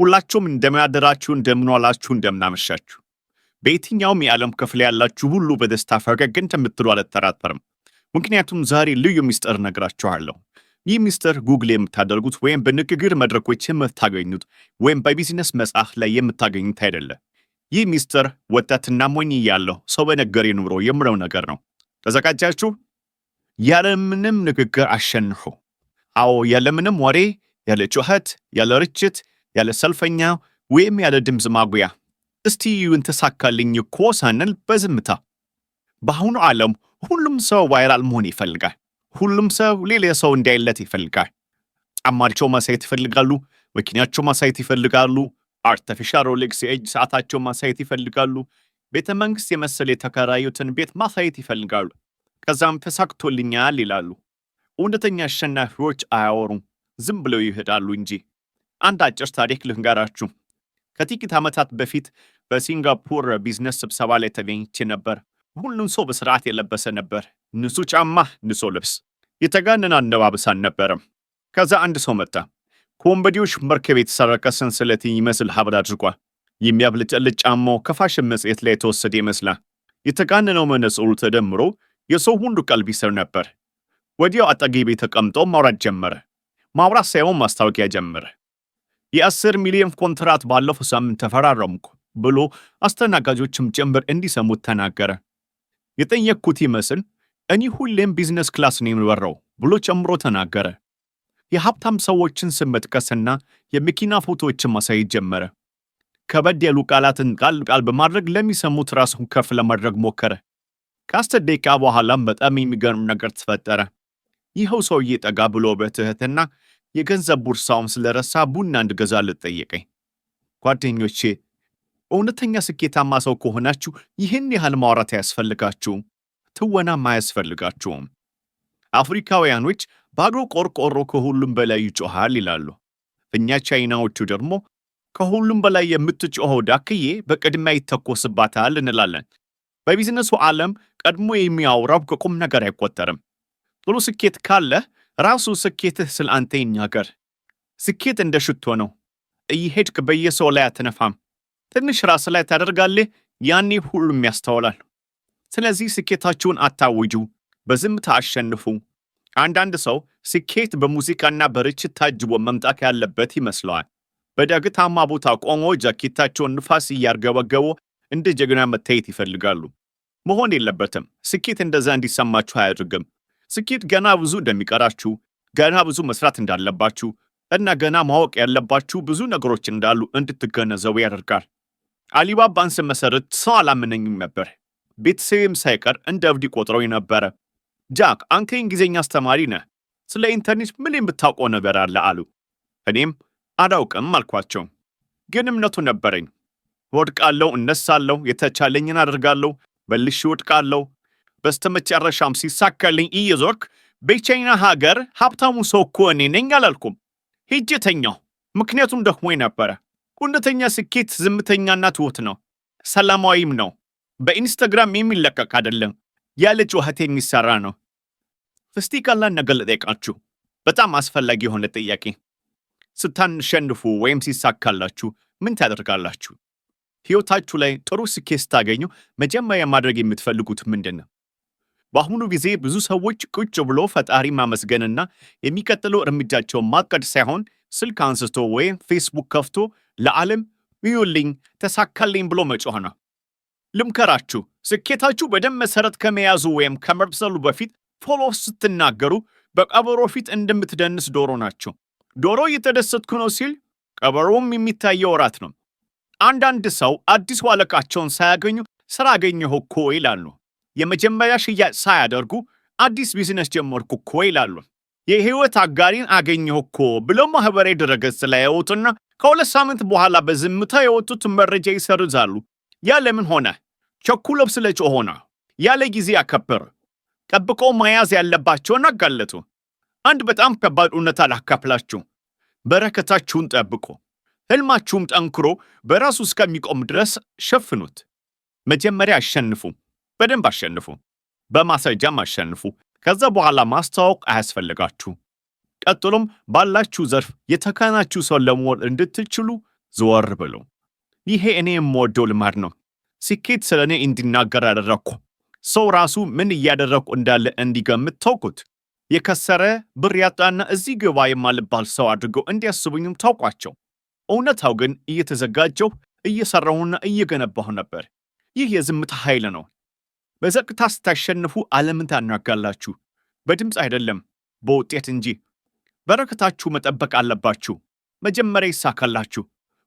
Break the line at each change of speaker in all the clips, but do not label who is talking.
ሁላችሁም እንደምናደራችሁ፣ እንደምንዋላችሁ፣ እንደምናመሻችሁ በየትኛውም የዓለም ክፍል ያላችሁ ሁሉ በደስታ ፈገግ እንደምትሉ አልጠራጠርም። ምክንያቱም ዛሬ ልዩ ሚስጥር ነግራችኋለሁ። ይህ ሚስጥር ጉግል የምታደርጉት ወይም በንግግር መድረኮች የምታገኙት ወይም በቢዝነስ መጽሐፍ ላይ የምታገኙት አይደለም። ይህ ሚስጥር ወጣትና ሞኝ እያለሁ ሰው በነገር ኑሮ የምለው ነገር ነው። ተዘጋጃችሁ? ያለምንም ንግግር አሸንፉ። አዎ ያለምንም ወሬ፣ ያለ ጩኸት፣ ያለ ርችት ያለ ሰልፈኛ ወይም ያለ ድምፅ ማጉያ እስቲ ይሁን ተሳካልኝ እኮ ሳንል በዝምታ። በአሁኑ ዓለም ሁሉም ሰው ቫይራል መሆን ይፈልጋል። ሁሉም ሰው ሌላ ሰው እንዲያይለት ይፈልጋል። ጫማቸው ማሳየት ይፈልጋሉ። መኪናቸው ማሳየት ይፈልጋሉ። አርተፊሻል ሮሌክስ የእጅ ሰዓታቸው ማሳየት ይፈልጋሉ። ቤተ መንግሥት የመሰለ የተከራዩትን ቤት ማሳየት ይፈልጋሉ። ከዛም ተሳክቶልኛል ይላሉ። እውነተኛ አሸናፊዎች አያወሩም፣ ዝም ብለው ይሄዳሉ እንጂ አንድ አጭር ታሪክ ልንገራችሁ። ከጥቂት ዓመታት በፊት በሲንጋፖር ቢዝነስ ስብሰባ ላይ ተገኝቼ ነበር። ሁሉም ሰው በስርዓት የለበሰ ነበር። ንጹህ ጫማ፣ ንጹህ ልብስ፣ የተጋነነ አለባበስ አልነበረም። ከዛ አንድ ሰው መጣ። ከወንበዴዎች መርከብ የተሰረቀ ሰንሰለት ይመስል ሀብል አድርጓል። የሚያብለጨልጭ ጫማው ከፋሽን መጽሔት ላይ የተወሰደ ይመስላል። የተጋነነው መነጽሩ ተደምሮ የሰው ሁሉ ቀልብ ይስብ ነበር። ወዲያው አጠገቤ ተቀምጦ ማውራት ጀመረ። ማውራት ሳይሆን ማስታወቂያ ጀመረ። የአስር ሚሊዮን ኮንትራት ባለፈው ሳምንት ተፈራረምኩ ብሎ አስተናጋጆችም ጭምር እንዲሰሙት ተናገረ። የጠየቅኩት ይመስል እኔ ሁሌም ቢዝነስ ክላስ ነው የምበረው ብሎ ጨምሮ ተናገረ። የሀብታም ሰዎችን ስም መጥቀስና የመኪና ፎቶዎችን ማሳየት ጀመረ። ከበድ ያሉ ቃላትን ቃል ቃል በማድረግ ለሚሰሙት ራሱን ከፍ ለማድረግ ሞከረ። ከአስር ደቂቃ በኋላም በጣም የሚገርም ነገር ተፈጠረ። ይኸው ሰውዬ ጠጋ ብሎ በትህትና የገንዘብ ቦርሳውም ስለረሳ ቡና እንድገዛለት ጠየቀኝ። ጓደኞቼ እውነተኛ ስኬታማ ሰው ከሆናችሁ ይህን ያህል ማውራት አያስፈልጋችሁም፣ ትወናም አያስፈልጋችሁም። አፍሪካውያኖች ባዶ ቆርቆሮ ከሁሉም በላይ ይጮሃል ይላሉ። እኛ ቻይናዎቹ ደግሞ ከሁሉም በላይ የምትጮኸው ዳክዬ በቅድሚያ ይተኮስባታል እንላለን። በቢዝነሱ ዓለም ቀድሞ የሚያወራው ከቁም ነገር አይቆጠርም። ጥሩ ስኬት ካለህ ራሱ ስኬትህ ስለ አንተ ይናገር። ስኬት እንደ ሽቶ ነው፣ እየሄድክ በየሰው ላይ አትነፋም። ትንሽ ራስ ላይ ታደርጋለህ፣ ያኔ ሁሉም ያስተውላል። ስለዚህ ስኬታችሁን አታውጁ፣ በዝምታ አሸንፉ። አንዳንድ ሰው ስኬት በሙዚቃና በርችት ታጅቦ መምጣት ያለበት ይመስለዋል። በዳገታማ ቦታ ቆሞ ጃኬታቸውን ንፋስ እያርገበገቡ እንደ ጀግና መታየት ይፈልጋሉ። መሆን የለበትም። ስኬት እንደዛ እንዲሰማችሁ አያድርግም። ስኬት ገና ብዙ እንደሚቀራችሁ፣ ገና ብዙ መስራት እንዳለባችሁ እና ገና ማወቅ ያለባችሁ ብዙ ነገሮች እንዳሉ እንድትገነዘቡ ያደርጋል። አሊባባን ስመሰርት ሰው አላመነኝም ነበር። ቤተሰብም ሳይቀር እንደ እብድ ቆጥረው ነበረ። ጃክ አንተ የእንግሊዝኛ አስተማሪ ነህ፣ ስለ ኢንተርኔት ምን የምታውቀው ነገር አለ አሉ። እኔም አላውቅም አልኳቸው፣ ግን እምነቱ ነበረኝ። ወድቃለሁ፣ እነሳለሁ፣ የተቻለኝን አደርጋለሁ፣ መልሼ ወድቃለሁ፣ በስተመጨረሻም ሲሳካልኝ እየዞርክ ብቸኛ ሀገር ሀብታሙ ሰው እኮ እኔ ነኝ አላልኩም። ሄጄ ምክንያቱም ደክሞኝ ነበረ። እውነተኛ ስኬት ዝምተኛና ትሁት ነው፣ ሰላማዊም ነው። በኢንስታግራም የሚለቀቅ አይደለም፣ ያለ ጩኸት የሚሰራ ነው። እስቲ ቀላል ነገር ልጠይቃችሁ፣ በጣም አስፈላጊ የሆነ ጥያቄ። ስታሸንፉ ወይም ሲሳካላችሁ ምን ታደርጋላችሁ? ሕይወታችሁ ላይ ጥሩ ስኬት ስታገኙ መጀመሪያ ማድረግ የምትፈልጉት ምንድን ነው? በአሁኑ ጊዜ ብዙ ሰዎች ቁጭ ብሎ ፈጣሪ ማመስገንና የሚቀጥለው እርምጃቸውን ማቀድ ሳይሆን ስልክ አንስቶ ወይም ፌስቡክ ከፍቶ ለዓለም ዩልኝ ተሳካልኝ ብሎ መጮህ ነው። ልምከራችሁ፣ ስኬታችሁ በደም መሠረት ከመያዙ ወይም ከመብሰሉ በፊት ፎሎ ስትናገሩ በቀበሮ ፊት እንደምትደንስ ዶሮ ናቸው። ዶሮ እየተደሰትኩ ነው ሲል ቀበሮም የሚታየው እራት ነው። አንዳንድ ሰው አዲስ ዋለቃቸውን ሳያገኙ ስራ አገኘሁ እኮ ይላሉ። የመጀመሪያ ሽያጭ ሳያደርጉ አዲስ ቢዝነስ ጀመርኩ እኮ ይላሉ። የህይወት አጋሪን አገኘሁ እኮ ብለው ማህበራዊ ድረገጽ ላይ ያወጡና ከሁለት ሳምንት በኋላ በዝምታ የወጡት መረጃ ይሰርዛሉ። ያ ለምን ሆነ? ቸኩለው ስለጮ ሆነ። ያለ ጊዜ አከበር ጠብቆ መያዝ ያለባቸውን አጋለጡ። አንድ በጣም ከባድ እውነት አላካፍላችሁ። በረከታችሁን ጠብቆ ህልማችሁም ጠንክሮ በራሱ እስከሚቆም ድረስ ሸፍኑት። መጀመሪያ አሸንፉ። በደንብ አሸንፉ፣ በማስረጃም አሸንፉ። ከዛ በኋላ ማስተዋወቅ አያስፈልጋችሁ። ቀጥሎም ባላችሁ ዘርፍ የተካናችሁ ሰው ለመሆን እንድትችሉ ዘወር ብሎ። ይሄ እኔ የምወደው ልማድ ነው። ስኬት ስለ እኔ እንዲናገር ያደረግኩ ሰው ራሱ ምን እያደረግኩ እንዳለ እንዲገምት ተውኩት። የከሰረ ብር ያጣና እዚህ ግባ የማልባል ሰው አድርገው እንዲያስቡኝም ታውቋቸው። እውነታው ግን እየተዘጋጀው እየሰራሁና እየገነባሁ ነበር። ይህ የዝምታ ኃይል ነው። በጸጥታ ስታሸንፉ ዓለምን ታናጋላችሁ። በድምፅ አይደለም በውጤት እንጂ። በረከታችሁ መጠበቅ አለባችሁ። መጀመሪያ ይሳካላችሁ።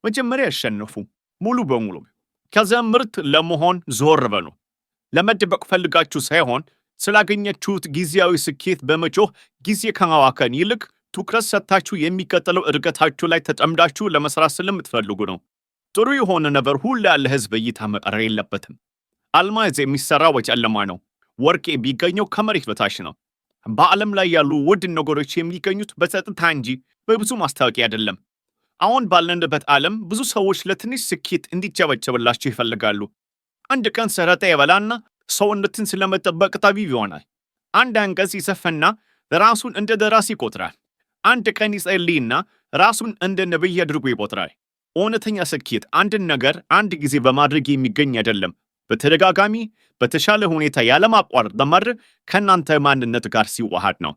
መጀመሪያ ያሸንፉ ሙሉ በሙሉ። ከዚያ ምርት ለመሆን ዞር በሉ። ለመደበቅ ፈልጋችሁ ሳይሆን ስላገኘችሁት ጊዜያዊ ስኬት በመጮህ ጊዜ ከማዋከን ይልቅ ትኩረት ሰጥታችሁ የሚቀጥለው እድገታችሁ ላይ ተጠምዳችሁ ለመስራት ስለምትፈልጉ ነው። ጥሩ የሆነ ነገር ሁሉ ያለ ህዝብ እይታ መቀረር የለበትም። አልማዝ የሚሰራው በጨለማ ነው። ወርቅ የሚገኘው ከመሬት በታች ነው። በዓለም ላይ ያሉ ውድ ነገሮች የሚገኙት በጸጥታ እንጂ በብዙ ማስታወቂያ አይደለም። አሁን ባለንበት ዓለም ብዙ ሰዎች ለትንሽ ስኬት እንዲቸበቸብላቸው ይፈልጋሉ። አንድ ቀን ሰረታ የበላና ሰውነትን ስለመጠበቅ ጠቢብ ይሆናል። አንድ አንቀጽ ይሰፍና ራሱን እንደ ደራሲ ይቆጥራል። አንድ ቀን ይጸልይና ራሱን እንደ ነቢይ አድርጎ ይቆጥራል። እውነተኛ ስኬት አንድን ነገር አንድ ጊዜ በማድረግ የሚገኝ አይደለም። በተደጋጋሚ በተሻለ ሁኔታ ያለማቋረጥ ለማድረግ ከእናንተ ማንነት ጋር ሲዋሃድ ነው።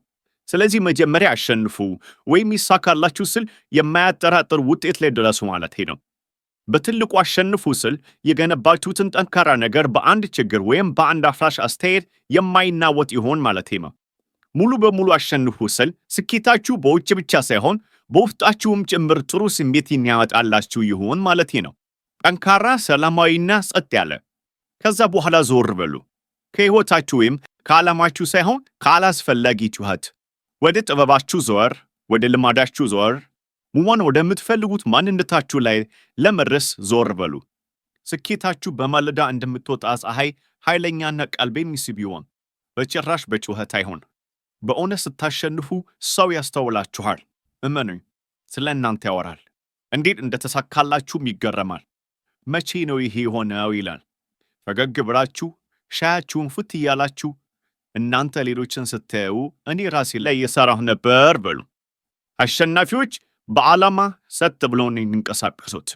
ስለዚህ መጀመሪያ አሸንፉ ወይም ይሳካላችሁ ስል የማያጠራጥር ውጤት ላይ ድረሱ ማለት ነው። በትልቁ አሸንፉ ስል የገነባችሁትን ጠንካራ ነገር በአንድ ችግር ወይም በአንድ አፍራሽ አስተያየት የማይናወጥ ይሆን ማለት ነው። ሙሉ በሙሉ አሸንፉ ስል ስኬታችሁ በውጭ ብቻ ሳይሆን በውስጣችሁም ጭምር ጥሩ ስሜት ያመጣላችሁ ይሆን ማለት ነው። ጠንካራ፣ ሰላማዊና ጸጥ ያለ ከዛ በኋላ ዞር በሉ። ከሕይወታችሁ ወይም ከዓላማችሁ ሳይሆን ከአላስፈላጊ ጩኸት ወደ ጥበባችሁ ዞር፣ ወደ ልማዳችሁ ዞር፣ ሙዋን ወደምትፈልጉት ማንነታችሁ ላይ ለመድረስ ዞር በሉ። ስኬታችሁ በማለዳ እንደምትወጣ ፀሐይ ኃይለኛና ቀልብ የሚስብ ይሆን፣ በጭራሽ በጩኸት አይሆን። በእውነት ስታሸንፉ ሰው ያስተውላችኋል። እመኑኝ፣ ስለ እናንተ ያወራል። እንዴት እንደተሳካላችሁም ይገረማል። መቼ ነው ይሄ የሆነው ይላል። ፈገግ ብላችሁ ሻያችሁን ፍት እያላችሁ እናንተ ሌሎችን ስታዩ እኔ ራሴ ላይ እየሰራሁ ነበር በሉ። አሸናፊዎች በዓላማ ሰጥ ብለው ነው የሚንቀሳቀሱት።